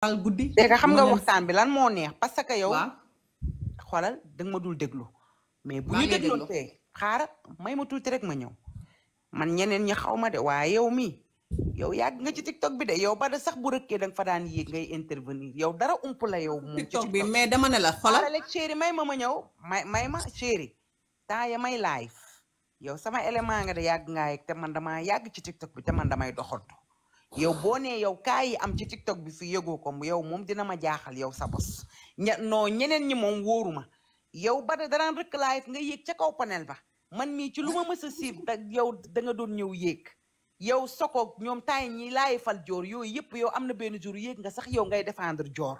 al guddi. léegi xam nga waxtaan bi lan moo neex parce que yow. xoolal danga ma dul déglu. mais bu ñu déglu tey may ma tuuti rek ma ñëw. man ñeneen ñi xaw ma de waaye yow mi yow yàgg nga ci tiktok bi de yow ba de sax bu kee danga fa daan yéeg ngay intervenir yow dara ump la yow. moom ci tiktok bi mais dama ne la xoolal. xaaral ak may ma ma ñëw may may ma chéri temps ya may live yow sama élément nga yàgg ngaa yegg man damaa yàgg ci tiktok bi te man damay doxantu. yow boo nee yow kaa yi am ci tiktok bi fi yëgoo ko yow moom dina ma jaaxal yow sa bos ña ñeneen ñi moom wóoruma yow ba da daraan rëkk live nga yéeg ca kaw panel ba man mii ci lu ma mës a siib da yow danga doon ñëw yéeg yow soko ñoom taay ñi laay fal joor yooyu yëpp yow am na benn jour yéeg nga sax yow ngay défendre joor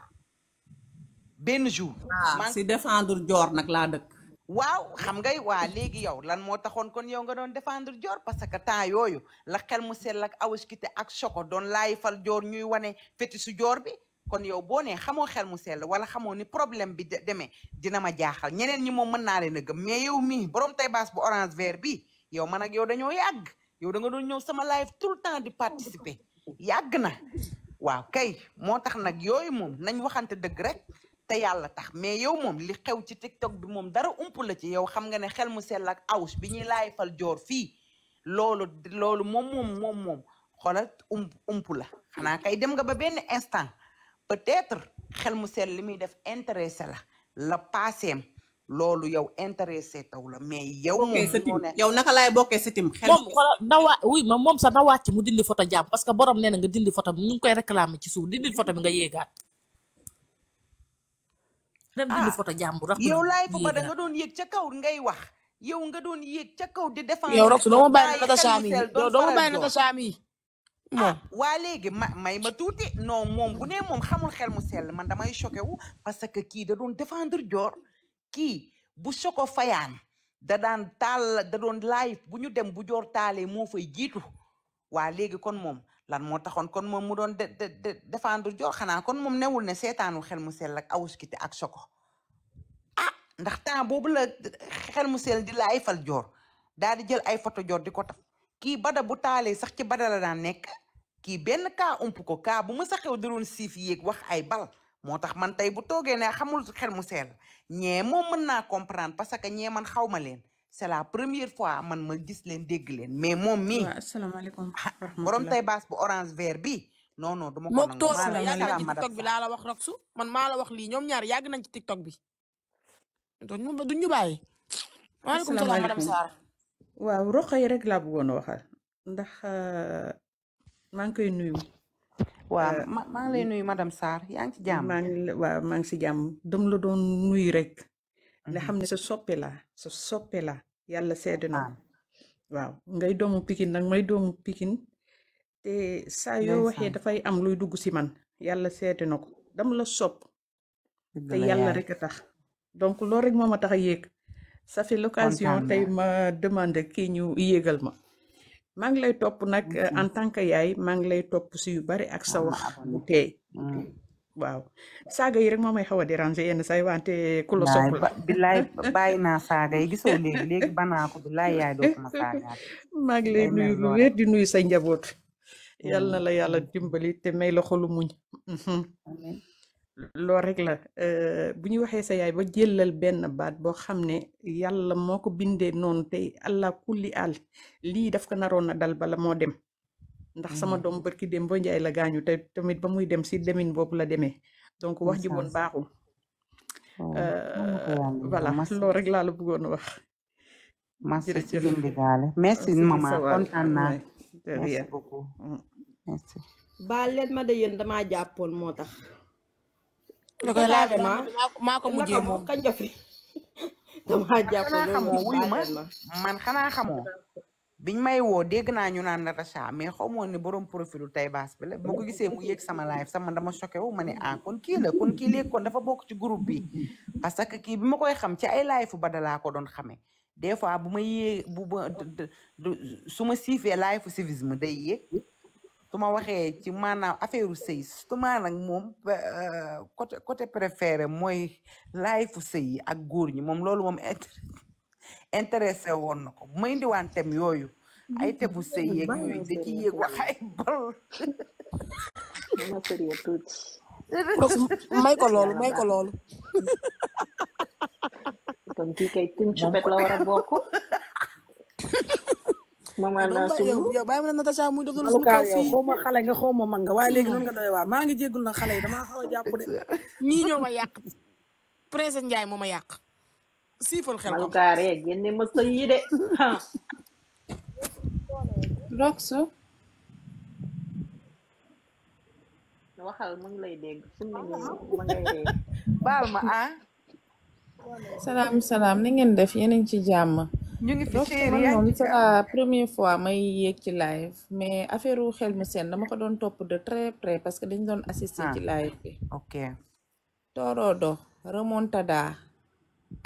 benn jour. Ah, man si défendre joor nag laa dëkk. waaw xam ngay waa léegi yow lan moo taxoon kon yow nga doon défendre joor parce que temps yooyu la xel mu sell ak Awoush Kité ak Choco doon laay fal joor ñuy wane fétisu joor bi kon yow boo nee xamoo xel mu sell wala xamoo ni problème bi demee dina ma jaaxal ñeneen ñi moom mën naa leen a gëm mais yow mii borom tay baas orange vert bi yow man ak yow dañoo yàgg yow da nga doon ñëw sama live tout le temps di participer yàgg na waaw kay moo tax nag yooyu moom nañ waxante dëgg rek. te yàlla tax mais yow moom li xew ci tiktok bi moom dara ump la ci yow xam nga ne xel mu sell ak aus bi ñuy laay fal joor fii loolu loolu moom moom moom moom xoolal ump ump la xanaa kay dem nga ba benn instant peut-être xel mu sell li muy def intéressé la la paaseem loolu yow intéressé taw la mais yow. moom yow naka laay bokkee sitim xel moom xoolal na waa oui moom sax na wàcc mu dindi photo jàmm parce que borom nee nga dindi photo bi ñu koy réclamer ci suuf dindi photo bi nga yéegaat. dem dindi photo ah, jàmbur rax yow laay ba da nga doon yéeg ca kaw ngay wax yow nga doon yéeg ca kaw di défendre yow rax doo ma bàyyi nata saami doo ma bàyyi nata ah, waa léegi ma may ma tuuti non moom bu nee moom xamul xel mu sell man damay choqué wu parce que kii da doon défendre joor kii bu soko fayaan da daan taal da doon live bu ñu dem bu joor taale moo fay jiitu waa léegi kon moom lan moo taxoon kon moom mu doon de de défendre joor xanaa kon moom neewul ne seetaanu xel mu sell ak awuskite ak soko a ah, ndax temps boobu la xel mu sell di fal joor daal di jël ay photo joor di ko taf kii bada bu taalee sax ci bada la daan nekk kii benn kaa ump ko kaa bu ma sa xew di doon siif yéeg wax ay bal moo tax man tey bu toogee ne xamul xel mu sell ñee moom mën naa comprendre parce que ñee man xaw ma leen c' est la première fois man ma gis leen dégg leen mais moom mii. waaw asalaamaaleykum. Ah, borom tay baas bu orange vert bi. non non dama ko nangu maa yàgg nañ man maa la wax lii ñoom ñaar yàgg nañ ci tiktok bi. duñ ñu bàyyi. waaleykum salaam madame Sarr. waaw roqay rek la bëggoon a waxal. ndax euh, maa ngi koy nuyu. waaw euh, maa ngi lay nuyu madame Sarr yaa ngi ci jàmm. maa ngi waaw maa ngi si jàmm dama la doon nuyu rek. nga xamne sa soppé la sa soppé la yalla sedd waaw ngay doomu pikine nak may doomu té te yo waxé da fay am luy dugg ci man yalla sedd na ko la sopp te yalla rek tax donc lo rek moma ma tax a ça fait l'occasion tay ma demander ki ñu yégal ma ma ngi lay top nak en tant que yaay ma ngi lay top si yu bari ak sa wax té waaw saaga yi rek moo may xaw a déranger yenn say wante ku la sopp la bilaay bàyyi naa saaga yi gisoo léegi léegi banaa ko lay nuyu lu di nuyu say njaboot mm, yàlla na la yàlla mm. dimbali te may la xolu muñ mhm. loolu rek la bu ñu waxee sa yaay ba jëlal benn baat boo xam ne yàlla moo ko bindee noonu tey allah kulli àll lii daf ko naroon na dal bala moo dem ndax mm. sama doom barki dem ba njaay la gaañu te tamit ba muy dem si demin boobu la demee donc wax ji woon baaxul oh, euh, voilà loolu rek laa la bëggoon wax jërëjëf merci maman kontaan naa merci beaucoup mm. merci baal leen ma de yéen damaa jàppoon moo tax maa ko mujjee man xamoo biñ may woo dégg naa ñu naan Natacha mais xaw ma ne borom profilu tay baas bi la ma ko gisee mu yéeg sama live sama dama choqué wu ma ne ah kon kii la kon kii léegi kon dafa bokk ci groupe bi parce que kii bi ma koy xam ci ay live ba dalaa ko doon xamee des fois bu ma yéeg bu su ma siifee live civisme day yéeg su ma waxee ci maanaam affaire sëy surtout nag moom euh, côté côté préféré mooy live sëy yi ak góor ñi moom loolu moom intérêt intéressé woon na ko muy indiwaan yooyu ay tebu sëy yeeg yooyu da ci wax ay gol may ko loolu may ko a kon kii kay tim la war a bokk maman naa suñu ma ma nga xaw ma ngi jéggul na xale yi damaa xaw a de ñii ñoo ma yàq princesse Ndiaye moo ma yàq siifal xel ko ma lay dégg ma ah salaam salaam ni ngeen def yéen a ngi ci jàmm ñu ngi fi moom c'est may yéeg ci live mais affaire wu xel mi seen dama ko doon topp de très près parce que dañ doon assister ah. ci live bi ok tooroo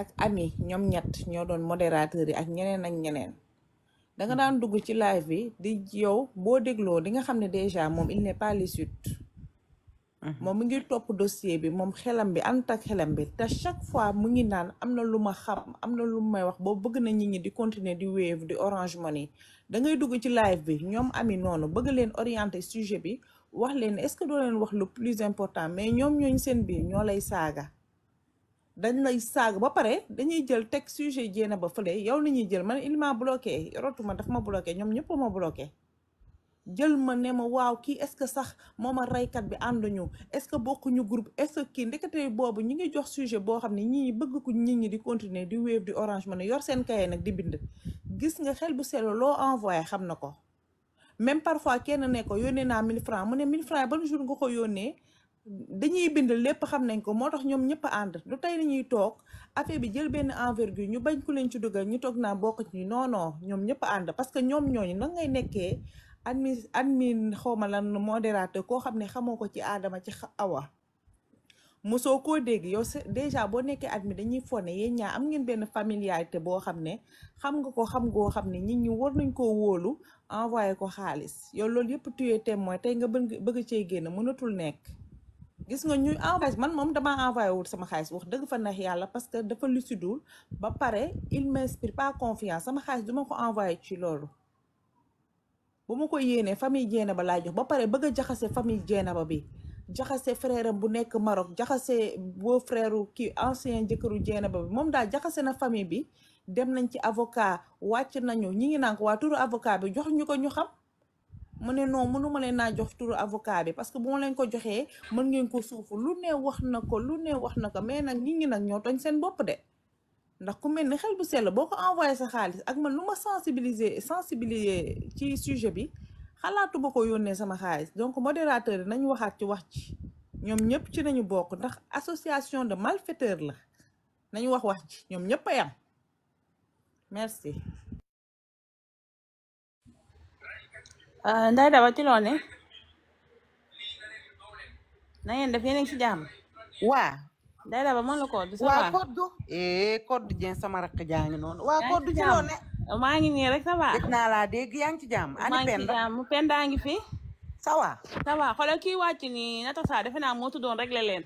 ak ami ñoom ñett ñoo doon modérateur yi ak ñeneen ak ñeneen da nga daan dugg ci live bi di yow boo dégloo di nga xam ne déjà moom il n'est pas lisude mhm. moom mu ngi topp dossier bi moom xelam bi ànd ak xelam bi te chaque fois mu ngi naan am na lu ma xam am na lu may wax boo bëgg na nit ñi di continuer di wave di Orange Money da ngay dugg ci live bi ñoom ami noonu bëgg leen orienter sujet bi wax leen est-ce que doo leen wax lu plus important mais ñoom ñooñ seen biir ñoo lay saaga dañ lay saaga ba pare dañuy jël teg sujet jéena ba fële yow la ñuy jël man il m'a bloqué rotuma daf ma bloqué ñoom ñëpp ma bloqué jël ma ne ma waaw kii est-ce que sax moom a raykat bi ànduñu est-ce que bokkuñu groupe est-ce kii ndekete boobu ñu ngi jox sujet boo xam ne ñii bëgg ko nit ñi di continuer di wéef di orange ma ne yor seen kaye nag di bind gis nga xel bu selo loo envoyé xam na ko même parfois kenn ne ko naa 1000 francs mu ne 1000 francs ban jour nga ko yónnee dañuy bind lépp xam nañ ko moo tax ñoom ñëpp ànd lu tey la ñuy toog affaire bi jël benn envergure ñu bañ ku leen ci dugal ñu toog naa bokk ci non non ñoom ñëpp ànd parce que ñoom ñooñu nan ngay nekkee admin admin xaw ma lan modérateur koo xam ne xamoo ko ci aadama ci awa mosoo koo dégg yow déjà boo nekkee mi dañuy fonne yéen ñaa am ngeen benn te boo xam ne xam nga ko xam goo xam ne nit ñi war nañ koo wóolu envoyé ko xaalis yow loolu yëpp tuyee témoin tey nga bëgg bëgg cee génn mënatul nekk gis nga ñu envoyé man moom damaa envoyé wul sama xaalis wax dëgg fa neex yàlla parce que dafa lu lucidul ba pare il m'inspire pas confiance sama xaalis duma ko envoyé ci loolu bu ma ko yéenee famille jeena ba laa jox ba pare bëgg jaxasee jaxase famille jeena ba bi jaxase frère am bu nekk Maroc jaxase beau frère kii ancien jëkkëru jeena ba bi moom daal jaxase na famille bi dem nañ ci avocat wàcc nañu ñi ngi naan ko waa turu avocat bi jox ñu ko ñu xam mu ne non mënuma leen naa jox turu avocat bi parce que bu ma leen ko joxee mën ngeen ko suufu lu ne wax na ko lu ne wax na ko mais nag nit ñi nag ñoo tooñ seen bopp de ndax ku mel ni xel bu sell boo ko envoyé sa xaalis ak man lu ma sensibiliser sensibiliser ci sujet bi xalaatu ba ko yónnee sama xaalis donc modérateur yi nañ waxaat ci wax ci ñoom ñëpp ci nañu bokk ndax association de malfaiteurs la nañu wax wax ci ñoom ñëpp a yam merci Ndeye Daba ci loo ne na yenda def yéen jam wa ci jàmm. waa. Ndeye Daba do. la Codou. ça va waa Codou. eh sama rak jaa non. Wah, waa do. ci loo ne. maa ngi nii rek ça va. dégg naa ci ani Penda Mu ngi ci jàmm Penda ngi fi. ça va. ça va xoolal kii wàcc nii nata saa defe naa rek la leen.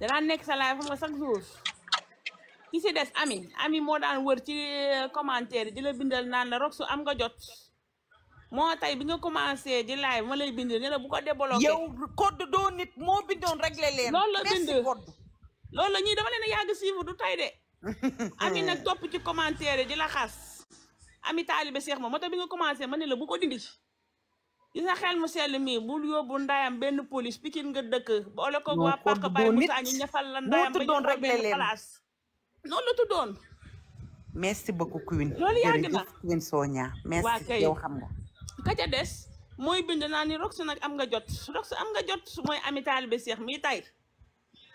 danaa nekk sa fa jour. des Ami Ami moo daan wër ci commentaire di la bindal naan la rok su am nga jot. moo tay bi nga commencé di live ma lay bind ne la bu ko débloqué. yow code doo nit moo bindoon réglé leen. loolu la bind loolu la ñuy dama leen a yàgg suivre du tay nag topp ci commentaire di la xas. ami taalibe ma moo bi nga commencé ma ne la bu ko dindi. gis nga xel mu sell mii bul yóbbu ndayam benn police pikin nga dëkk. boole ko waa pàq bàyyi Moussa ñafal la ndayam ba ñu fa benn place. noonu la tuddoon. merci beaucoup Queen. loolu yàgg na jërëjëf Queen xam nga. ka ca des mooy bind naa ni rox nag am nga jot rox am nga jot mooy ami taalibe Seex mii tay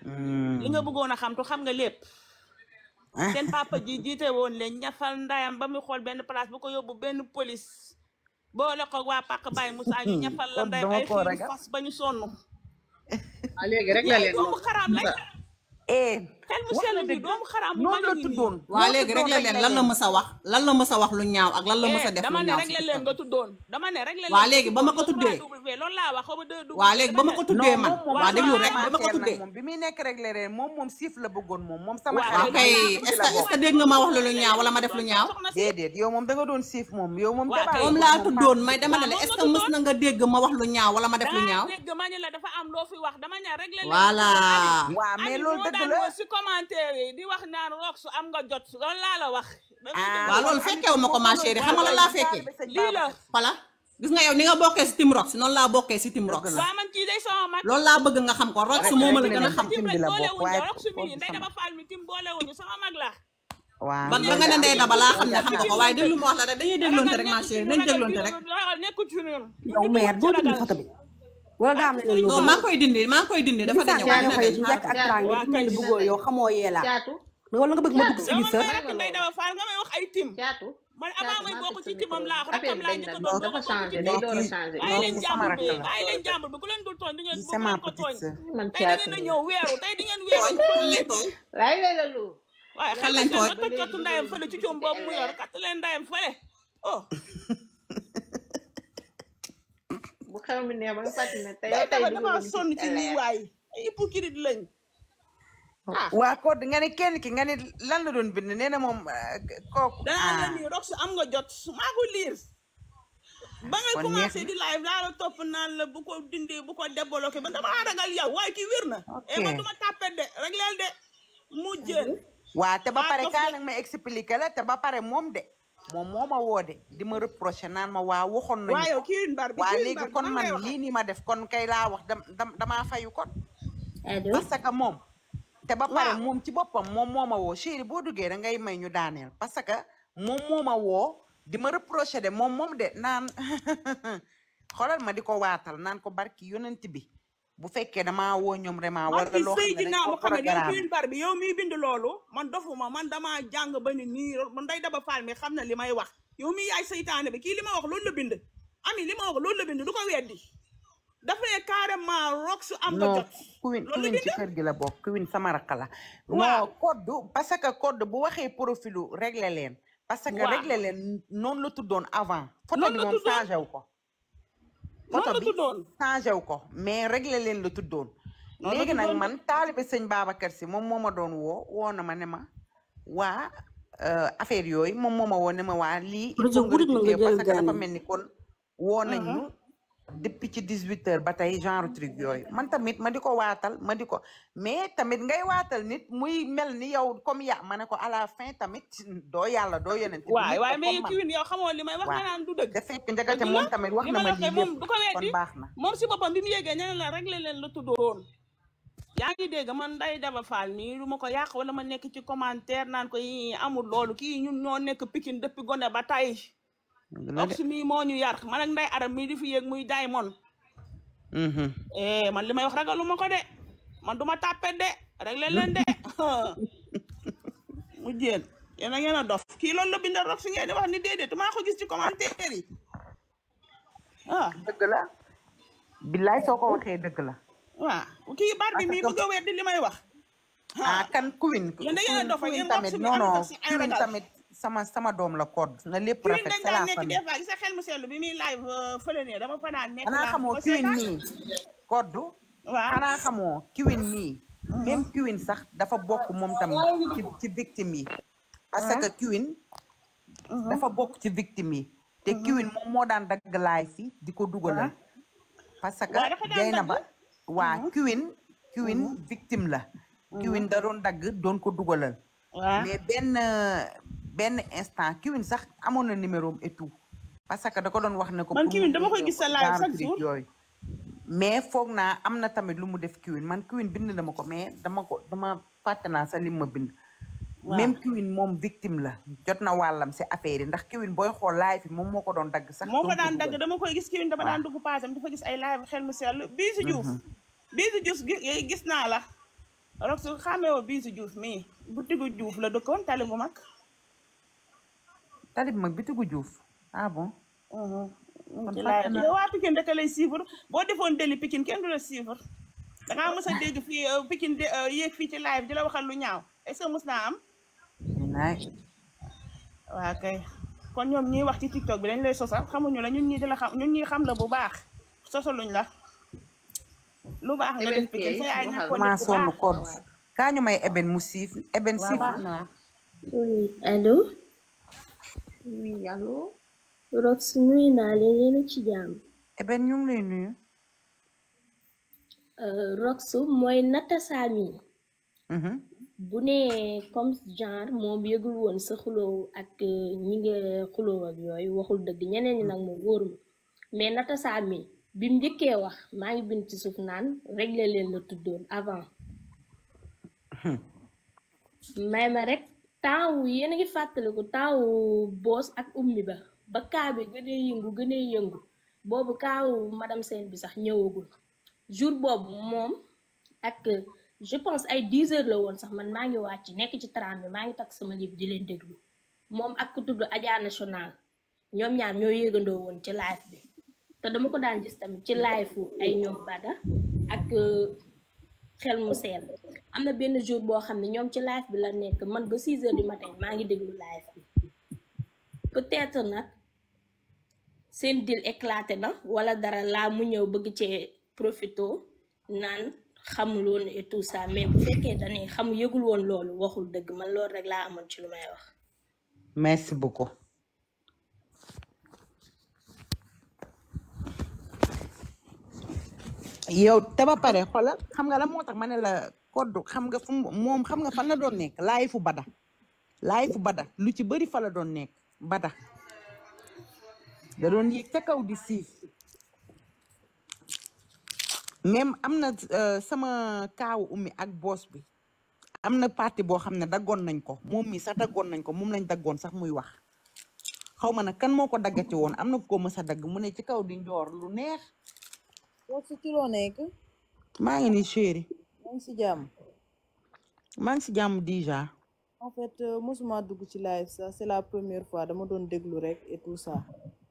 hmm. li nga bëggoon a xam tu xam nga lépp. Ah. seen papa ji jiite woon leen ñafal ndayam ba muy xool benn place boo ko yóbbu benn police boole ko waa Pàq Baye Moussa ñu hmm. ñafal la ndayam ay fas ba ñu sonn. Ah, léegi rek la leen xaraam rek. xel mu sell bi lalu xaraam bi noonu la tuddoon waa léegi rek la leen lan la mës a wax lan la mës a wax lu ñaaw ak lan la mës a def lu ñaaw dama ne rek la leen nga tuddoon dama ne rek la leen waa léegi ba ma ko tuddee loolu laa wax waa léegi ba ma ko tuddee man waa déglu rek ba ma ko tuddee moom bi muy nekk rek la leen moom moom siif la bëggoon moom moom sama xel kay est-ce que est-ce que dégg nga ma wax la lu ñaaw wala ma def lu ñaaw déedéet yow moom da nga doon siif moom yow moom moom laa tuddoon may dama ne la est-ce que mës na ma wax lu ñaaw wala ma def lu ñaaw dégg ma ne la dafa am loo fi wax dama ñaa rek la voilà waa mais commentaire di wax naan rox su am nga jot loolu laa la wax. ah waaw loolu fekkewu ma ko ma chérie xam nga lan laa fekkee. lii la voilà gis nga yow ni nga bokkee si team rox noonu laa bokkee si team rox. waaw man kii day sama mat. loolu laa bëgg nga xam ko rox su moom la gën a xam. team rek boolewuñu rox su mi ndey dama sama mag la. waaw ba nga ne ndey daba laa xam ne xam nga ko waaye déglu ma wax la rek dañuy dégloonte rek ma dañu dégloonte rek. wala daa am leneen loolu maa ngi koy dindi maa ngi koy dindi dafa dañu waaye na dañu njëkk ak tànga ku mel ni bëggoo yow xamoo yeelaa wala nga bëgg ma dugg si biir sër day dama faal nga may wax ay tim man avant may bokk ci timam laa ko rek tam laa njëkk a doon dafa changé day door a changé bàyyi leen jàmbur bi bàyyi leen jàmbur bi ku leen dul tooñ di ngeen bu leen ko tooñ tey da ngeen a ñëw weeru tey di ngeen weeru lépp waaye la lu waaye xel lañ ko toj kattu ndayam fële ci coom boobu mu yor katt leen ndayam fële oh bu xew mi nee ba nga fàttali te yow tey dama sonn ci lii waay hypocrite lañ ah. Ah. waa ko nga kenn ki nga ne lan la doon bind nee na moom ah, kooku. danaa leen am nga jot maa ko liir. ba ngay commencé di live laa la topp naan la bu ko dindi bu ko débloqué ba damaa ragal yow waaye kii wér na. ok eh man du de rek leen de mu jën. waa te ba pare kaa nag ma expliqué la te ba pare moom de. moom moo ma woo de di ma reproché naan ma waa waxoon nañu ko waa léegi kon man lii nii ma def kon kay laa wax dam damaa fayu kon ah, parce que moom te ba pare moom ci boppam moom moo ma woo chéri boo duggee da ngay may ñu daaneel parce que moom moom a woo di ma reproché de moom moom de naan xoolal ma di ko waatal naan ko barki yonent bi bu fekkee damaa woo ñoom vraiment. wala loo xam ne dañ ko programme bar bi yow miy bind loolu man dofuma man damaa jàng ba ni nii man day daba faal mi xam na li may wax yow mi yaay seytaane bi kii li ma wax loolu la bind. ami li ma wax loolu la bind du ko weddi dafa ne carrément rox am. ba jot loolu la ci kër gi la sama rakk la. waaw code parce que code bu waxee profilu réglé leen. parce que réglé leen noonu la tuddoon avant. photo bi moom changé wu ko. moto bi changé wu ko mais réglé leen la tuddoon. léegi nag man taalibe sëñ Babacar si moom moo ma doon woo woo na ma ne ma waa euh, affaire yooyu moom moo ma woo ne ma waa lii. parce que dafa mel ni kon woo nañ uh-huh. depuis ci dix huit heures ba tey genre truc yooyu man tamit ma di ko waatal ma di ko mais tamit ngay waatal nit muy mel ni yow comme ya ma ne ko à la fin tamit doo yàlla doo yeneen. waay waaye mais kiwin yow xamoo li may wax nga naan du dëgg. da fekk njëkkate moom tamit wax na ma lii moom du ko weddi moom si boppam bi mu yéegee ñeneen la réglé leen la tuddoon. yaa ngi dégg man day daba faal mii du ma ko yàq wala ma nekk ci commentaire naan ko yi amul loolu kii ñun ñoo nekk Pikine depuis gone ba tey. ox mi moo ñu yar man ak nday aram mii di fi yéeg muy daay moon mm-hmm. eh, man li may wax ragalu ma ko de man duma ma tàppet de rek leen de mu jéen yéen ngeen a dof kii lool la bindal rox si ngeen di wax ni déedéet maa ko gis ci commentaire yi ah dëgg la billaay soo ko waxee dëgg la waaw kii bar bi mii bëgg a weddi li may wax ah kan kuwin yéen da a dof tamit sama sama doom la code na lépp rafet c'est la xel mu seetlu bi muy live euh, fële dama fa nekk xanaa xamoo kiwin nii code xanaa xamoo kiwin nii mm-hmm. même kiwin sax dafa bokk moom tam ci ci yi mm-hmm. Mm-hmm. bokk ci victime yi te kiwin moom moo daan dagg laay si di ko dugalal ah. parce que jay ba waa kiwin kiwin victime la kiwin da doon dagg doon ko dugalal mais benn benn instant kiwin sax amoon na numéro parce que da ko doon wax ne ko. man kiwin dama koy mais foog naa am na tamit lu mu def kiwin man kiwin bind dama ko mais dama ko dama fàtte naa sa lim ma bind. même kiwin moom victime la. jot na wàllam si affaire yi ndax kiwin booy xool live bi moom moo ko doon dagg sax. moo ko daan dagg dama koy gis kiwin dama daan dugg paasam dafa gis ay live xel mu sell Bijou Diouf. Mhm. Bijou gis naa la. rox su xàmmee woo Bijou juuf mii butigu Diouf la dëkkoon tali bu mag. tali bu mag bi tigu Diouf ah bon. ci mm-hmm. laaj bi waa Pikine dëkk lay suivre boo defoon deli Pikine kenn du la suivre da ngaa mos a dégg fii euh, Pikine de euh, yéeg fii ci live di la waxal lu ñaaw est-ce que mos naa am. waaw kay kon ñoom ñuy wax ci TikTok bi dañ lay sosal xamuñu la ñun ñii di la xam ñun ñii xam la bu baax sosaluñ la. lu baax nga def Pikine sa yaay ñàkkoon maa sonn kon kaa ñu may eben mu siif eben siif. allo. Oui, allô? Rotimi na leen ci jàmm. Eben ñu ngi nuyu. Rox mooy Nata Sami. bu comme genre moom yëgul woon sa xuloo ak eh, ñi nga xuloo ak yooyu waxul dëgg ñeneen ñi nag moom wóoruma mais Nata Sami bi mu njëkkee wax maa ngi ci suuf naan réglé leen la tuddoon avant. may ma rek. taawu yéen a ngi fàttaliku taawu boos ak ummi ba ba kaa bi gënee yëngu gënee yëngu boobu kaawu madame Sène bi sax ñëwagul jour boobu moom ak je pense ay 10 heures la woon sax man maa ngi wàcc nekk ci tram bi maa ngi takk sama livre di leen déglu moom ak ku tudd Adja National ñoom ñaar ñoo yëgandoo woon ci live bi te dama ko daan gis tamit ci live ay ñoom Bada ak. xel mu seen am na benn jour boo xam ne ñoom ci live bi la nekk man ba 6 heures du matin maa ngi déglu live bi peut nag seen deal éclaté na walla dara laa mu ñëw bëgg cee profito naan xamul woon et tout ça mais bu fekkee dañuy xam yëgul woon loolu waxul dëgg man loolu rek laa amoon ci lu may wax. merci beaucoup. yow te ba pare xoolal xam nga la moo tax ma ne la koddu xam nga fu moom xam nga fan la doon nekk laay fu bada laay fu bada lu ci bëri fa la doon nekk bada da doon yéeg ca kaw di siif même am na euh, sama kaawu ummi ak boos bi am na parti boo xam ne daggoon nañ ko moom mii sax daggoon nañ ko moom lañ daggoon sax muy wax xaw ma nag kan moo ko daggati woon am na koo mës a dagg mu ne ci kaw di njoor lu neex boo si kilo maa ngi ni chéri. maa si jàmm. maa si jàmm déjà. en fait euh, mosuma dugg ci live sax c'est la première fois dama doon déglu rek et tout ça.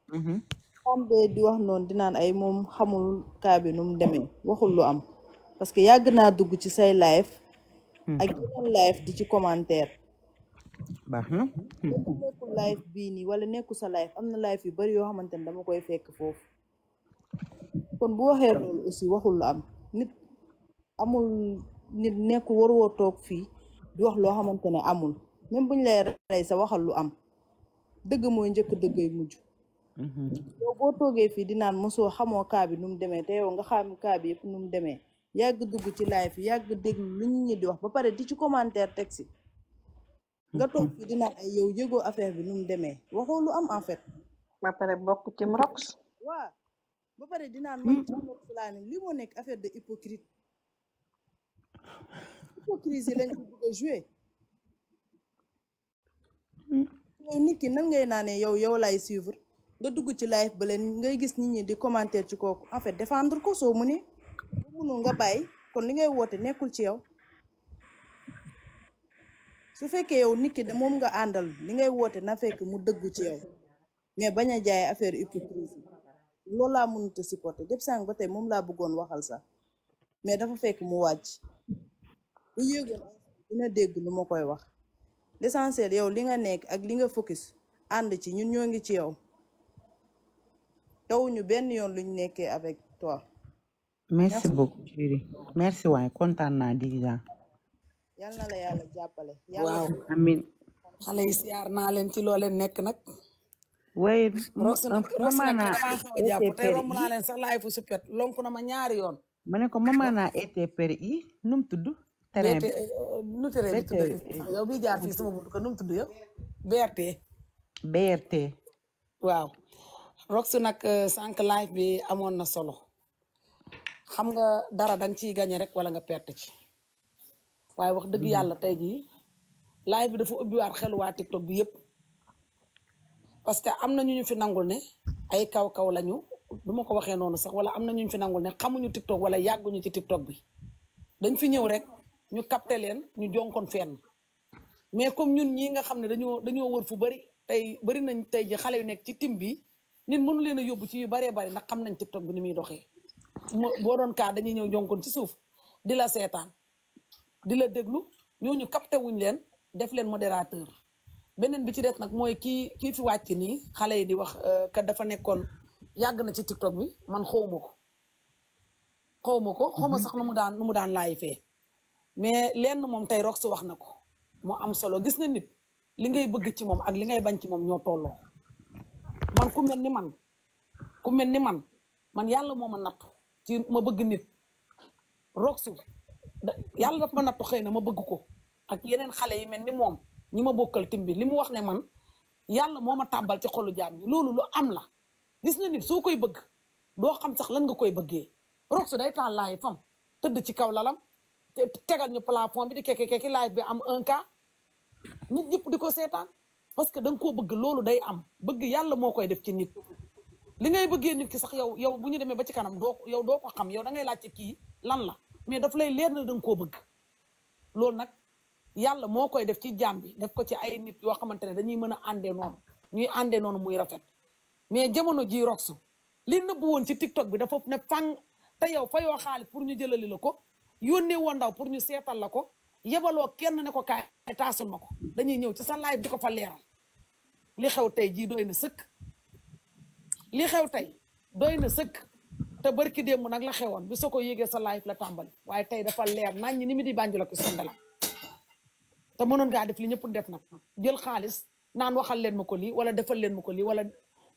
xam mm-hmm. be di wax noon di naan ay moom xamul kaa bi nu mu demee waxul lu am parce que yàgg naa dugg ci say live. Mm-hmm. ak yeneen live di ci commentaire. baax na. bii nii wala nekku sa live am na live yu bari yoo xamante ne dama koy fekk foofu. kon bu waxee loolu aussi waxul lu am nit amul nit nekk waroo toog fii di wax loo xamante ne amul même buñ lay rey sa waxal lu am dëgg mooy njëkk dëggay mujj mm-hmm. boo toogee fii di naan mosoo xamoo kaa bi nu demee te yow nga xam kaa bi yëpp nu mu demee yàgg dugg ci live yàgg déglu lu ñu ñi di wax ba pare di ci commentaire teg si nga toog fii di ay yow yëgoo affaire bi nu demee waxoo lu am en fait ba pare bokk ci mrox waa ba pare dinaan hmm? man fulaani li moo nekk affaire de hypocrite hypocrisie lañ ko bëgg a jouer hmm? nit ki nan ngay naanee yow yow lay suivre nga dugg ci live ba leen ngay gis nit ñi di commentaire ci kooku en fait défendre ko soo mu ni bu munul nga bàyyi kon li ngay woote nekkul ci yow su fekkee yow nit ki de moom nga àndal li ngay woote na fekk mu dëggu ci yow mais bañ a jaay affaire hypocrisie loolu laa mënut a supporter depuis sànq ba tey moom laa bëggoon waxal sax mais dafa fekk mu wàcc bu yéegoon dina dégg lu ma koy wax l' l'essentiel yow li nga nekk ak li nga focus ànd ci ñun ñoo ngi ci yow tawuñu benn yoon luñ nekkee avec toi. merci beaucoup Judy merci waay kontaan naa déjà. yal na la yàlla jàppale. waaw amiin xale yi siyaar naa leen ci loo nekk nag. way mamana jàpp tey romb naa leen sax laay fu suppet lonk na ma ñaari yoon ma ne ko mamana ETPR yi num nu yow bi jaar sama ko num yow BRT BRT Wow. Rox nag live bi amoon na solo xam nga dara danga ciy gañe rek wala nga perte ci wax mm. live bi dafa ubbiwaat xel TikTok bi parce que am na ñu ñu fi nangul ne ay kaw-kaw lañu du ma ko waxee noonu sax wala am na ñu ñu fi nangul ne xamuñu TikTok wala yàgguñu ci TikTok bi dañ fi ñëw rek ñu capté leen ñu jonkoon fenn mais comme ñun ñi nga xam ne dañoo dañoo wër fu bari tey bari nañ tey ji xale yu nekk ci tim bi nit mënu leen a yóbbu ci yu baree bari nak xam nañ TikTok bi ni muy doxee boo doon ka dañuy ñëw jonkoon ci suuf di la seetaan di la déglu ñooñu capté wuñ leen def leen modérateur beneen bi ci des nag mooy kii kii fi wàcc nii xale yi di wax kat euh, dafa nekkoon yàgg na ci tiktok bi man xawma ko xawma ko xawma mhm. sax nu mu daan nu mu daan laay fee mais lenn moom tey rox su wax na ko mu am solo gis nga nit li ngay bëgg ci moom ak li ngay bañ ci moom ñoo tolloo man ku mel ni man ku mel ni man man yàlla moom ma nattu ci ma bëgg nit rox yàlla daf ma nattu xëy na ma bëgg ko ak yeneen xale yi mel ni moom ñu ma bokkal tim bi li mu wax ne man yàlla moo ma tàbbal ci xolu jaam yi loolu loo am la gis nga nit soo koy bëgg doo xam sax lan nga koy bëggee rox su day taal laay fam tëdd ci kaw lalam tegal ñu plafond bi di keke keke laay bi am un cas nit ñëpp di ko seetaan parce que da koo bëgg loolu day am bëgg yàlla moo koy def ci nit li ngay bëggee nit ki sax yow yow bu ñu demee ba ci kanam doo yow doo ko xam yow da ngay laajte kii lan la mais daf lay leer na da koo bëgg yàlla moo koy def ci jaam bi def ko ci ay nit yoo xamante ne dañuy mën a àndee noonu ñuy àndee noonu muy rafet mais jamono jii rox li nëbbu woon ci TikTok bi dafa ne fang te yow fa yoo xaalis pour ñu jëlali la ko yónnee woon ndaw pour ñu seetal la ko yebaloo kenn ne ko kaay taasul ma ko dañuy ñëw ci sa live di ko fa leeral li xew tey jii doy na sëkk li xew tey doy na sëkk te barki démb nag la xewoon bi soo ko yégee sa live la tàmbali waaye tey dafa leer nañ ñi ni mu di bànjul ak Ismaïla te mënoon ngaa def li ñëpp def nag jël xaalis naan waxal leen ma ko lii wala defal leen ma ko lii wala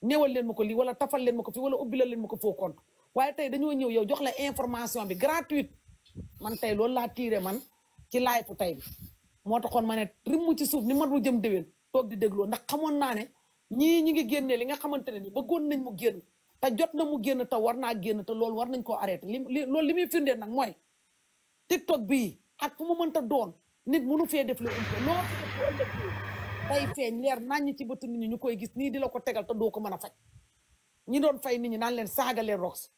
newal leen ma ko lii wala tafal leen ma ko fii wala ubbilal leen ma ko foo compte waaye tey dañoo ñëw yow jox la information bi gratuite man tey loolu laa tiire man ci laay bu tey bi moo koon ma ne mu ci suuf ni man mu jëm déwén toog di dégloo ndax xamoon naa ne ñii ñi ngi génnee li nga xamante ne ni bëggoon nañ mu génn te jot na mu génn te war naa génn te loolu war nañ koo arrêté li loolu li muy firndee nag mooy TikTok bii ak fu mu mënta doon nit munu fee def la umpe loo day feeñ leer naññ ci bëtt nit ñi ñu koy gis nii di la ko tegal te doo ko mën a faj ñi doon fey nit ñu naan leen saaga leen rox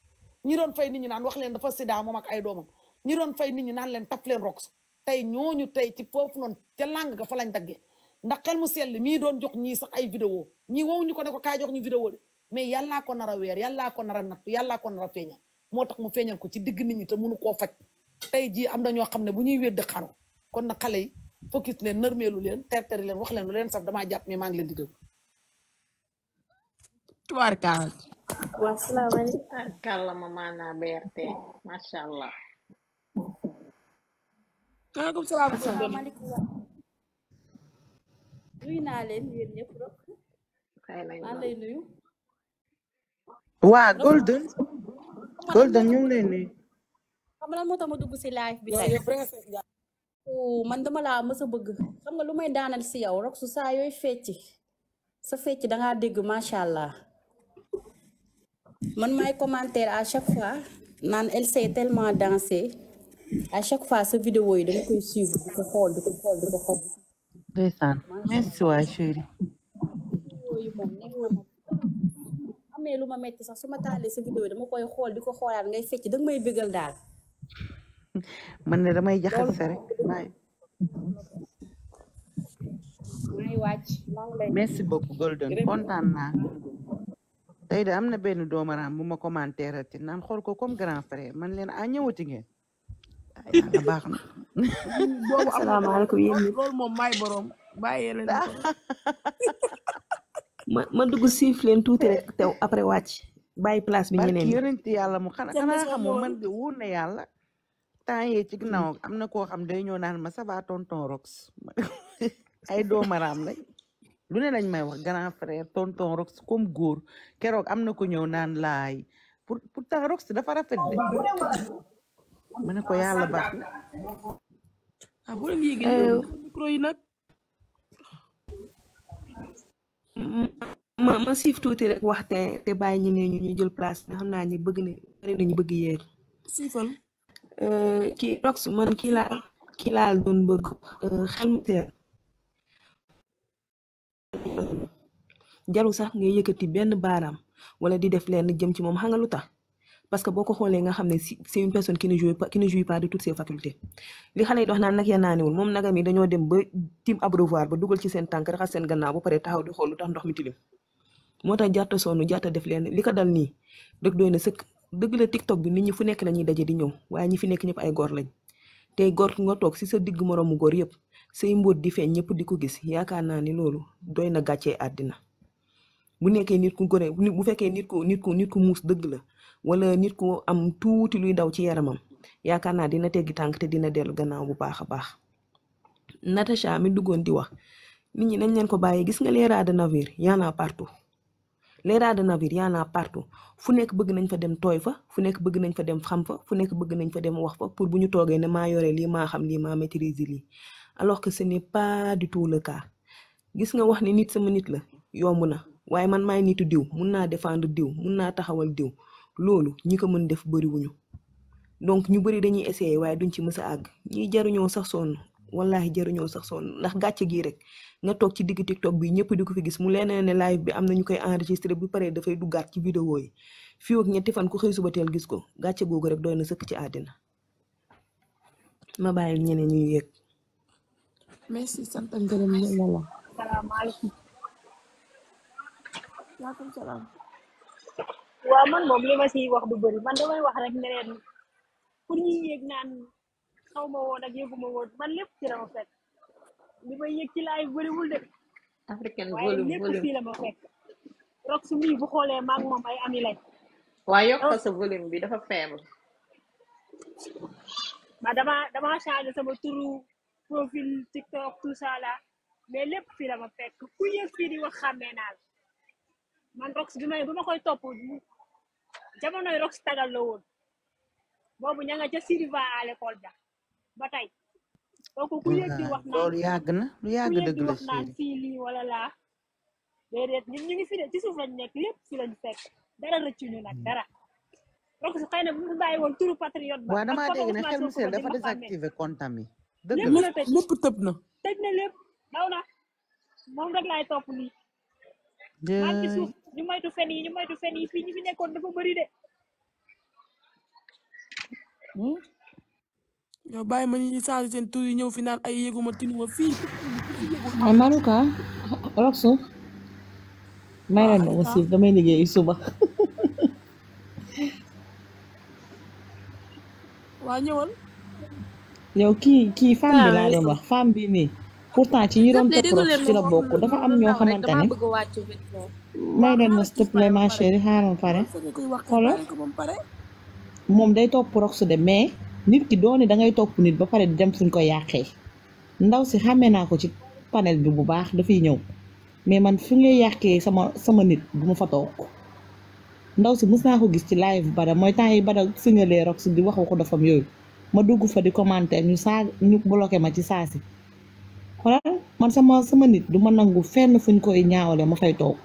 ñi doon fey ni ñu naan wax leen dafa sida moom ak ay doomam ñi doon fay nit ñi naan leen taf leen rox tey ñooñu tey ci foofu noonu ca làng ga fa lañ daggee ndax xel mu sell mii doon jox ñii sax ay vidéo ñii wowuñu ko ne ko kaa jox ñu vidéo de mais yàllaa ko nar a weer yàllaa ko nar a natt yàllaa ko nar a feeñal moo tax mu feeñal ko ci digg nit ñi te mënu koo faj tey jii am na ñoo xam ne ñuy wér dëxaro kon nag xalé yi focus leen nërmeelu leen terteri len wax len lu len sax dama japp mais maa ngi di BRT macha allah. maaleykum salaam. nuyu naa leen yéen ñëpp lay nuyu. Golden. Golden ñu ngi lay nuyu. xam nga lan tax ma dugg si live bi man dama laa mës a bëgg xam nga lu may daanal si yow rek su saa yooyu fecci sa fecci dangaa dégg macha allah man may commentaire à chaque fois naan elle sait tellement danser à chaque fois sa vidéo yi dama koy suivre di ko xool di ko xool di ko lu ma metti sax su ma taalee xool di ko xoolaat ngay fecci danga may bégal daal. ¿eh? man ne damay jaxase rek maay wàcc merci beaucoup Golden kontaan naa tey de am na benn doomaraam bu ma commentaire ati naan xool ko comme grand frère man leen a ñëwati ma ma dugg siif leen tuuti rek tew après wàcc bàyyi place bi ñeneen barki yonent xanaa xanaa xamoo man de wóor na yàlla temps yee ci mmh. ginnaaw am na koo xam day ñëw naan ma ça va tonton Rox ay doomaraam lañ lu ne lañ may wax grand frère tonton Rox comme góor keroog am na ko ñëw naan laay pour pourtant Rox dafa rafet de ne ko yàlla baax na. Ah, nag. ma ma siif tuuti rek wax te te bàyyi ñu ne ñu jël place nga xam naa ne bëgg na bëri nañu bëgg yéeg siifal. Euh, kii rox man kii laa kii laa doon bëgg euh, xel mu teel jarul sax ngay yëkkati benn baaraam wala di def lenn jëm ci moom xam nga lu tax parce que boo ko xoolee nga xam ne si une personne qui ne jouit pas qui ne jouit pas de toutes ses facultés li yi dox naan nag ya naaniwul moom nagam yi dañoo dem ba tim abreuvoir ba dugal ci seen tànk raxas seen gannaaw ba pare taxaw di xool lu tax ndox mi tilim moo tax jarta sonn jarta def leen li ko dal nii rek dooy na sëkk dëgg la tiktok bi nit ñi fu nekk la ñuy di ñëw waaye ñi fi nekk ñëpp ay góor lañ tey góor nga toog si sa digg moroomu góor yëpp say mbóot di fee ñëpp di ko gis yaakaar naa ni loolu doy na gàccee àddina bu nekkee nit ku gore bu fekkee nit ku nit ku nit ku muus dëgg la wala nit ku am tuuti luy daw ci yaramam yaakaar naa dina teggi tànk te dina dellu gannaaw bu baax a baax Natacha mi duggoon di wax nit ñi nañ leen ko bàyyee gis nga les rats de navire y les rats de navire y a partout fu nekk bëgg nañ fa dem tooy fa fu nekk bëgg nañ fa dem xam fa fu nekk bëgg nañ fa dem wax fa pour bu ñu toogee ne maa yore lii maa xam lii maa maîtriser lii alors que ce n'est pas du tout le cas gis nga wax ni nit sama nit la yomb na waaye man maay nitu diw mun naa défendre diw mun naa taxawal diw loolu ñi ko mën def bëriwuñu donc ñu bëri dañuy essayer waaye duñ ci mës a àgg ñiy jaruñoo sax sonn wallahi jëruñoo sax sonn ndax gàcce gii rek nga toog ci digg tiktok bi ñëpp di ko fi gis mu leen ne live bi am na ñu koy enregistré bi pare dafay duggaat ci vidéo yi fii ak ñetti fan ku xëy suba teel gis ko gàcce googu rek doy na sëkk ci àddina ma bàyyi ñeneen ñuy yegg. merci waaw man moom li ma siy wax du bëri man damay wax rek ne pour ñuy yegg naan. xaw ma woon ak yëgu ma woon man lépp ci la ma fekk li may yëg ci laay bëriwul de. africain waaye lépp fii la ma fekk. rox mi bu xoolee maag moom ay ami lay. waaye yokk sa volume bi dafa faible. ma dama dama changé sama turu profil TikTok tout ça là mais lépp fii la ma fekk ku yëg fii di wax xàmmee naa la man rox bi may ba ma koy topp jamonoy rox tagal la woon boobu ña nga ca Siriva à l'école ja ba tey donc ku yëg di wax naan loolu yàgg na lu yàgg dëgg la wax wala laa déedéet ñun ñu ngi fi de ci suuf lañ nekk lépp fi lañ fekk dara rëccu ñu nag hmm. dara donc su bu ñu woon turu patriote ba waaw damaa ne xel mu seel dafa désactivé comptam yi na moom rek laay topp nii ñu moytu fen ñu moytu fen yi fii fi nekkoon dafa bëri de hmm? yow bàyyi ma ñu changé seen tur yi ñëw fi naan ay yéeguma tinuma fii. waaw ah, Marouka Roxo may leen ma aussi damay liggéey suba. waa ñëwal. yow kii kii femme bi laa wax femme bi nii pourtant ci ñi doon topp Rox ci la bokk dafa am ñoo xamante ne may leen ma s'il te plaît ma chérie xaaral pare xoolal moom day topp Rox de mais. nit ki doone da ngay topp nit ba pare dem fuñ ko yàqee ndaw si xàmmee naa ko ci panel bi bu baax dafay ñëw mais man fu ngay sama sama nit bu ma fa toog ndaw si mës naa ko gis ci live bada mooy temps yi bada singalee rox si di wax waxu dafam yooyu ma dugg fa di commentaire ñu saa ñu bloqué ma ci saa si xoolal man sama sama nit du ma nangu fenn fuñ koy ñaawale ma fay toog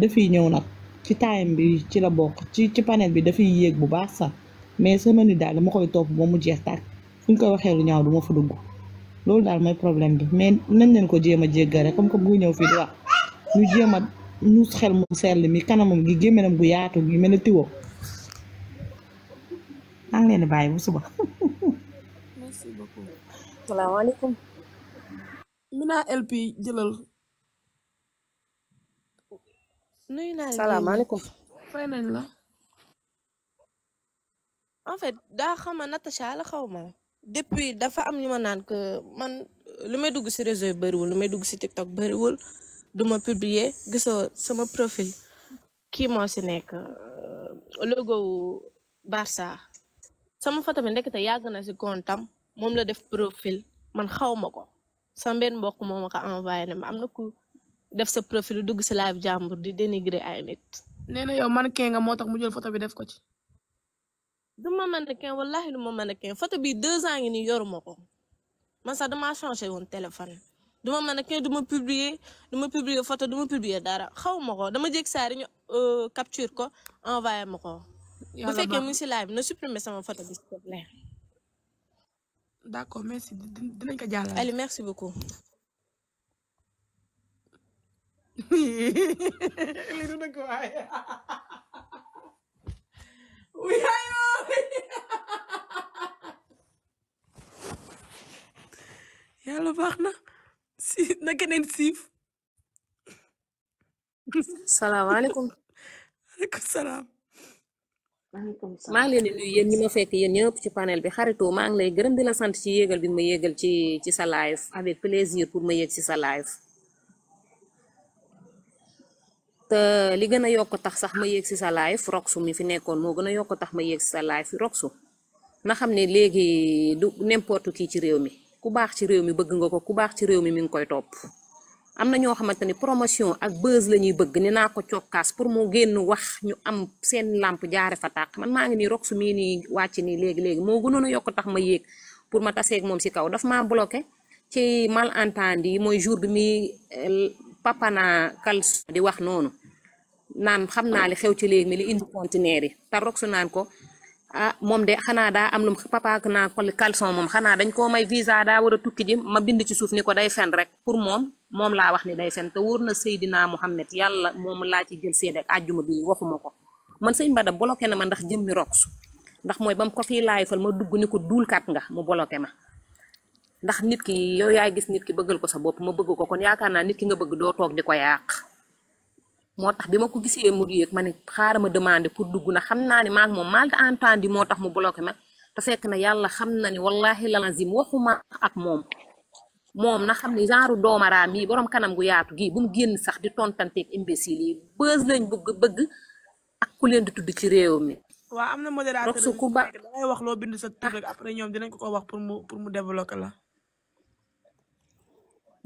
dafiy ñëw nag ci time bi ci la bokk ci ci panel bi dafay yéeg bu baax sax mais sama nit daal dama koy topp moom mu jeex tàkk fu ñu koy waxee lu ñaaw du ma fa dugg loolu daal mooy problème bi mais nañ leen ko jéem a jéggal rek comme que bu ñëw fii di wax ñu jéem a xel mu sell mi kanamam gi gémminam gu yaatu gi mel ne tiwo maa ngi leen bàyyi bu suba. merci beaucoup. salaamaaleykum. Mina LP jëlal. nuyu naa leen salaamaaleykum. en fait daa xama na la xaw xawma depuis dafa am ñu ma naan que man lu may dugg si réseau yi bëriwul lu may dugg si TikTok bëriwul du ma publier gisoo sama profil kii moo si nekk euh, logo wu Barça sama photo bi ndekete yàgg na si compte am moom la def profil man xaw ko sama benn mbokk moom ma ko envoyé ne ma am na ku def sa profil dugg si live jàmbur di dénigrer ay nit. nee na yow man kee nga moo tax mu jël photo bi def ko ci. duma ma mannequin wallahi duma ma mannequin photo bi 2 ans ni nii yoruma man sax dama changer won téléphone duma ma mannequin du publier duma publier photo duma publier dara xaw ma dama jég sari ñu euh, capture ko envoyé ma bu fekkee mu ngi si live ne supprimer sama photo bi s'il te plaît. d'accord merci dinañ ko jàllale. Ali merci beaucoup. lii du dëgg waaye. yàlla baax na si na keneen siif. salaam. maaleykum maa leen di yéen ñi ma fekk yéen ñëpp ci panel bi xaritu maa ngi lay gërëm di la sant ci yéegal bi ma yéegal ci ci sa live avec plaisir pour ma yéeg ci sa te li gën a yokk tax sax ma yéeg ci sa live mi fi nekkoon moo gën a yokk tax ma yéeg ci sa live Roxu na xam ne léegi du n'importe qui ci réew mi. ku baax ci réew mi bëgg nga ko ku baax ci réew mi mi ngi koy topp am na ñoo xamante ni promotion ak buzz la ñuy bëgg ne naa ko cokkaas pour mu génn wax ñu am seen làmp jaare fa tàq man maa ngi nii rox su mii nii wàcc nii léegi-léegi moo gënoon yokk tax ma yéeg pour ma taseeg moom si kaw daf maa bloqué ci malentendu yi mooy jour bi muy euh, papana di wax noonu naan xam naa li xew ci léegi mi li indi conteneur yi te rox su naan ko Ah, moom de xanaa daa am lu papa naa ko li caleçon moom xanaa dañ koo may visa daa war a tukki ji ma bind ci suuf ni ko day fen rek pour moom moom laa wax ni day fen te wóor na Seydina Mohamed yàlla moom laa ci jël seede ak àjjuma bi waxuma ko man ba Bada bloqué na ma ndax jëmmi rox ndax mooy bam ko fii laay fal ma dugg ni ko duulkat nga mu bloqué ma ndax nit ki yow yaay gis nit ki bëggal ko sa bopp ma bëgg ko kon yaakaar naa nit ki nga bëgg doo toog di ko yàq moo tax bi ma ko gisee mu yéeg ma ne xaaral ma demande pour dugg na xam naa ne maag moom mal entendu moo tax mu bloqué ma te fekk na yàlla xam na ne wallahi lazim waxuma ak moom moom na xam ni genre doomaraam yi boroom kanam gu yaatu gi bu mu génn sax di tontanteeg imbécile yi bës lañ bëgg bëgg ak ku leen di tudd ci réew mi. waaw am na modérateur rox su ku ba wax loo bind sa tur après ñoom dinañ ko ko wax pour mu pour mu développer la.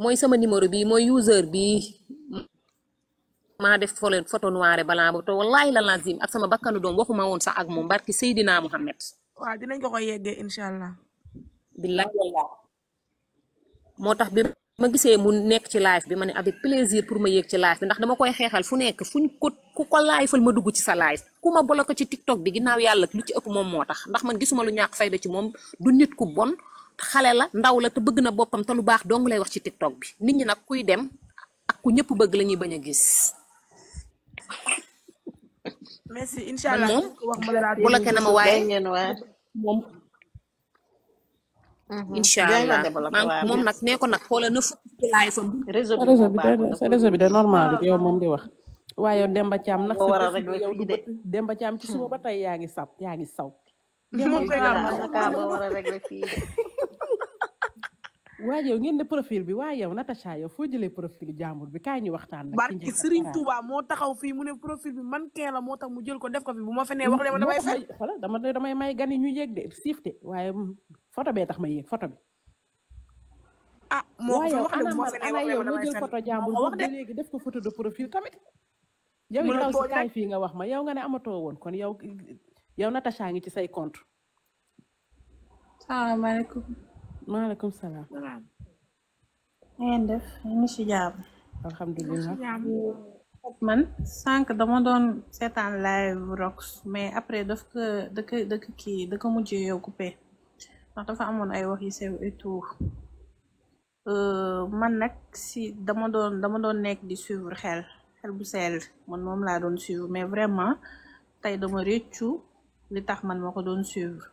mooy sama numéro bi mooy user bi maa def foleen photo noir et blanc ba te wallaahi la lazim ak sama bakkanu doom waxuma woon sax ak moom barki Seydina Mohamed. waaw dinañ ko koy yeggee incha allah. billahi wallah moo tax bi ma gisee mu nekk ci live bi ma ne avec plaisir pour ma yéeg ci live bi ndax dama koy xeexal fu nekk fuñ ko ku ko liveal ma dugg ci sa live ku ma ko ci TikTok bi ginnaaw yàlla lu ci ëpp moom moo tax ndax man gisuma lu ñàkk fay fayda ci moom du nit ku bon xale la ndaw la te bëgg na boppam lu baax dong lay wax ci TikTok bi nit ñi nag kuy dem ak ñëpp bëgg la bañ a gis. merci incha allah wax ma la bu la kanam waaye moom. Mhm. moom nag nee ko nag na fukki ci laay fa. réseau bi de réseau bi de normal bi yow moom di wax. waaye yow Demba Thiam nag. yow du bët Thiam ci suba ba tey yaa ngi saw yaa ngi saw. waaye yow ngeen ne profil bi waaye yow Natacha yow foo jëlee profil jàmbur bi kaay ñu waxtaan. barki Serigne Touba moo taxaw fii mu ne profil bi man kee la moo tax mu jël ko def ko fi bu ma fa wax dama damay fay. dama damay may gan yi ñu yéeg de siif de waaye photo be tax ma yéeg photo bi. ah moo ko wax de bu ma fa wax dama léegi def ko photo de profil tamit. yow it si kaay fii nga wax ma yow nga ne amatoo woon kon yow yow Natacha ngi ci say compte. salaamaaleykum. maaleykum salaam. salaam. na ngeen def ñu si jàmm. man sànq dama doon seetaan live rox mais après daf ko dëkk dëkk kii da ko mujjee yow coupé ndax dafa amoon ay wax yu sew et tout euh, man nag si dama doon dama doon nekk di suivre xel xel bu seel man moom laa doon suivre mais vraiment tey dama réccu li tax man moo ko doon suivre.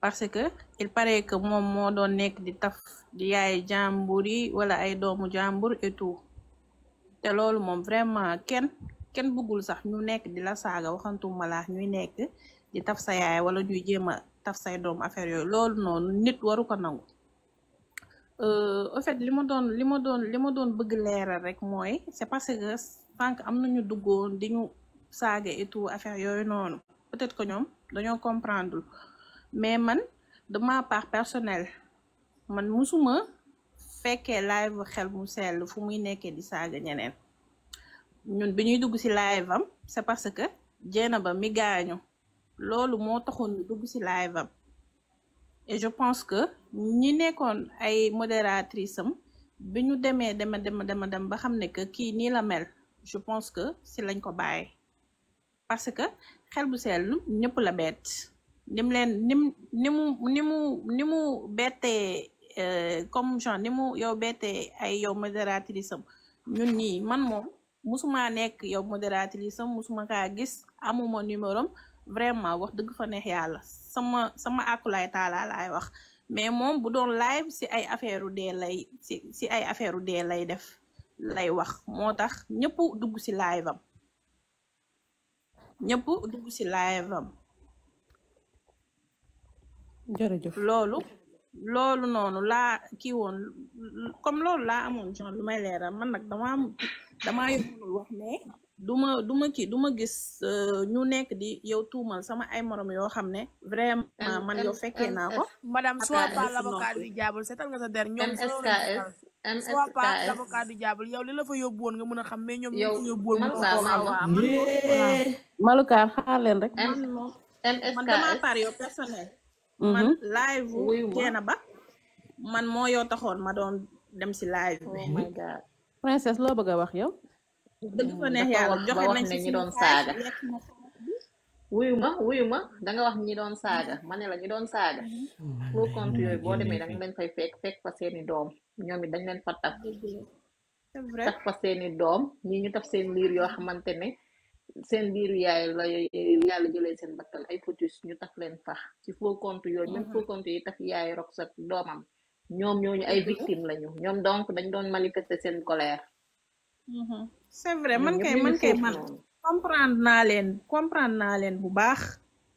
parce que il paraît que mom mo do nek di taf di yaay jamburi wala ay doomu jambour et tout té loolu mom vraiment ken ken bugul sax ñu nek di la saga waxantu malaax ñuy nek di taf sa yaay wala ñuy jema taf say doom affaire yoy loolu non nit waru ko nangu euh, au fait limo don limo don limo don bëgg rek moy c'est parce que sànq amna ñu duggoon di ñu saga et tout affaire yoy non peut-être que ñom dañoo comprendre mais man de ma part personnelle man musuma fekkee live xel mu sell fu muy nekkee di saaga ñeneen ñun bi ñuy dugg ci live am c'est parce que Dieynaba mi gaañu loolu moo taxoon ñu dugg ci live am je pense que ñi nekkoon ay modératrice am bi ñu demee dema dema dema dem ba xam ne que kii nii la mel je pense que ci lañ ko bàyyi parce que xel bu sell ñëpp la bett ni leen nim mu ni mu ni mu ni mu bettee eh, comme genre ni mu yow bettee ay yow modératrice am ñun ñii man moom musuma nekk yow modératrice am musuma kaa gis amuma numéro vraiment wax dëgg fa neex yàlla sama sama akulaay taalaa laay wax mais moom bu doon live si ay affaire u dee si si ay affaire dee lay def lay wax moo tax ñëpp dugg si live am ñëpp dugg si live am jërëjëf loolu loolu noonu laa kii woon comme loolu laa amoon genre lu may leeral man nag damaa damaa yomnul wax ne du ma du ma kii du ma gis euh, ñu nekk di yow tuumal sama ay morom yoo xam ne vraiment man yow fekkee naa ko madame sois pas l'avocat du diable seetal nga sa der ñoom sois pas l'avocat du diable yow li la fa yóbbu woon nga mën a xam mais ñoom ñoo yóbbu woon mën a xam leen rek man damaa par yow personnel man mm-hmm. live wu Jeena Ba man moo yoo taxoon ma doon dem si live bi. oh my god princesse loo bëgg a wax yow. dëgg fa joxe nañ si ñu doon saaga. wuyu ma wuyu ma da wax ñi doon saaga ma ne la ñi doon saaga. pour mm-hmm. compte yooyu boo demee da nga leen fay fa seeni doom ñoom dañ leen fa taf. taf fa seeni doom ñi ñu taf seen liir yoo xamante ne. seen biiru yaay la yàlla jëlee seen bakkan ay fœtus ñu taf leen fax ci faux compte yooyu même faux mm-hmm. compte yi taf yaay rok sa doomam ñoom ñooñu ay mm-hmm. victime lañu ñoom donc dañ doon manifester seen colère mm-hmm. c'est vrai man kay man kay man comprendre naa leen comprendre naa leen bu baax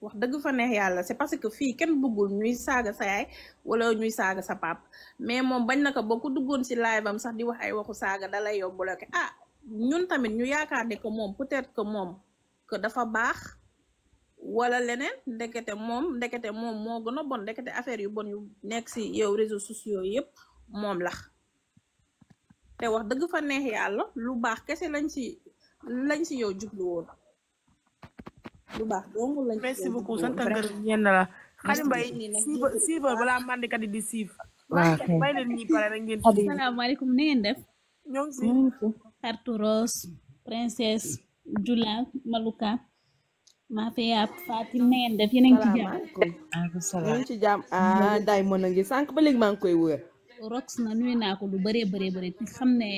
wax dëgg fa neex yàlla c'est parce que fii kenn bëggul ñuy saaga sa yaay wala ñuy saaga sa pap mais moom bañ na ko ba ku duggoon si live am sax di wax ay waxu saaga dalay yow bloqué ah ñun tamit ñu yaakaar ne que moom peut-être que moom que dafa baax wala leneen ndekete moom ndekete moom moo gën a bon ndekete affaire yu bon yu nekk ci yow réseaux sociaux yëpp moom lax te wax dëgg fa neex yàlla lu baax kese lañ ci lañ ci yow jublu woon lu baax dong lañ merci beaucoup sant ñenn la Xadi siiba balaa mandikat yi di siif. waaw kay bay leen ñi pare rek ngeen. asalaamaaleykum na ngeen def. ñoo ngi Arturos, Princess Jula Maluka maa Fatim na ngeen def yéen a ah daay mën a ngi sànq ba rox na nuyu ko lu bëree bëree bëri te ne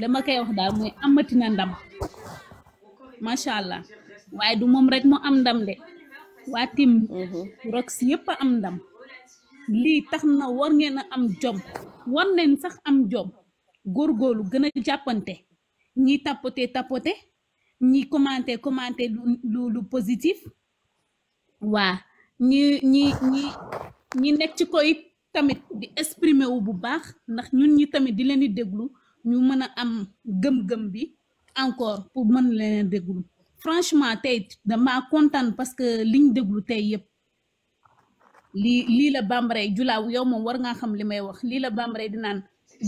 la ma koy wax daal mooy amati na ndam allah du moom rek mu am ndam de rox yëpp am ndam lii na war am sax am lu gën a jàppante ñi tapoter tapoter ñi commenter commenter lu lu lu positif waa ñi ñi ñi ñi nekk ci koy tamit di exprimer wu bu baax ndax ñun ñi tamit di leen di déglu ñu mën a am gëm-gëm bi encore pour mën leen déglu franchement tey dama kontaan parce que liñ déglu tey yëpp lii lii la bambara julaaw yow moom war ngaa xam li may wax lii la bambara di naan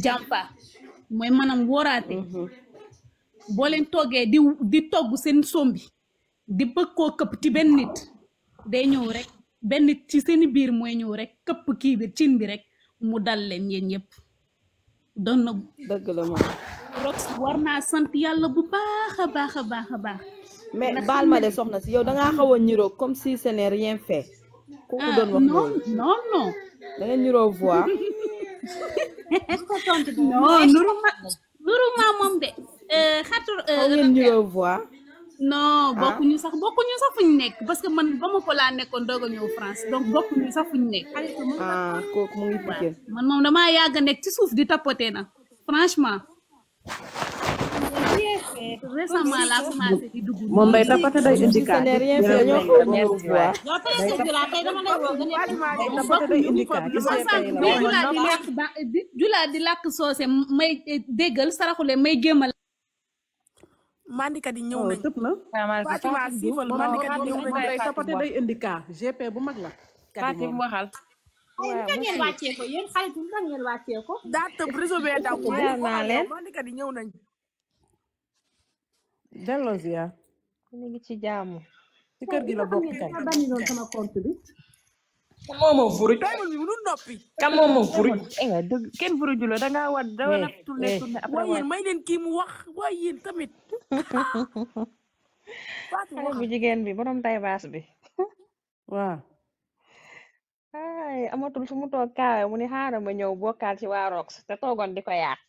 jàmpa mooy manam wóoraate mhm. boo leen toggee di di togg seen sombi di bëgg koo këpp ci benn nit day ñëw rek benn nit ci seeni biir mooy ñëw rekk këpp kii bi cin bi rek mu dal leen yéen yëpp doon na dëgg la sant yàlla bu baax a baax a baax a baax mais baal ma de yow dangaa xaw a ñiroo comme si ce rien fait kooku ah, doon wax non ñiroo voix non nuruma nuruma moom de xatu non ah. bokkuñu sax bokkuñu sax fu ñu nekk parce que man ba ma ko laa nekkoon doog ñëw France donc bokkuñu sax fu ñu nekk. Ah, kooku mu ngi man moom damaa yàgg nekk ci suuf di tapoter na franchement. récemment la commencé di dugg. moom day tapate day di làkk soose may déggal saraxule may gémmal mandikat yi ñëw nañ Fatima siifal mandikat yi ñëw GP bu mag la Fatim waxal waaw da ngeen wàccee ko ko daa tëb réseau bee ko mandikat delloo ziar. ñu ngi ci jaamu. ci kër gi la kenn furuju la da ngaa da war a eh, tourné eh. après yéen may leen kii mu wax waaye yéen tamit. xale bu jigéen bi borom tay baas bi. waaw. amatul fu mu toog kaawe mu ni xaaral ma ñëw bokkaal ci waa te toogoon di ko yàq.